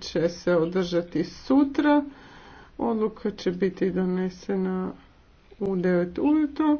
će se održati sutra. Odluka će biti donesena u 9 ujutro.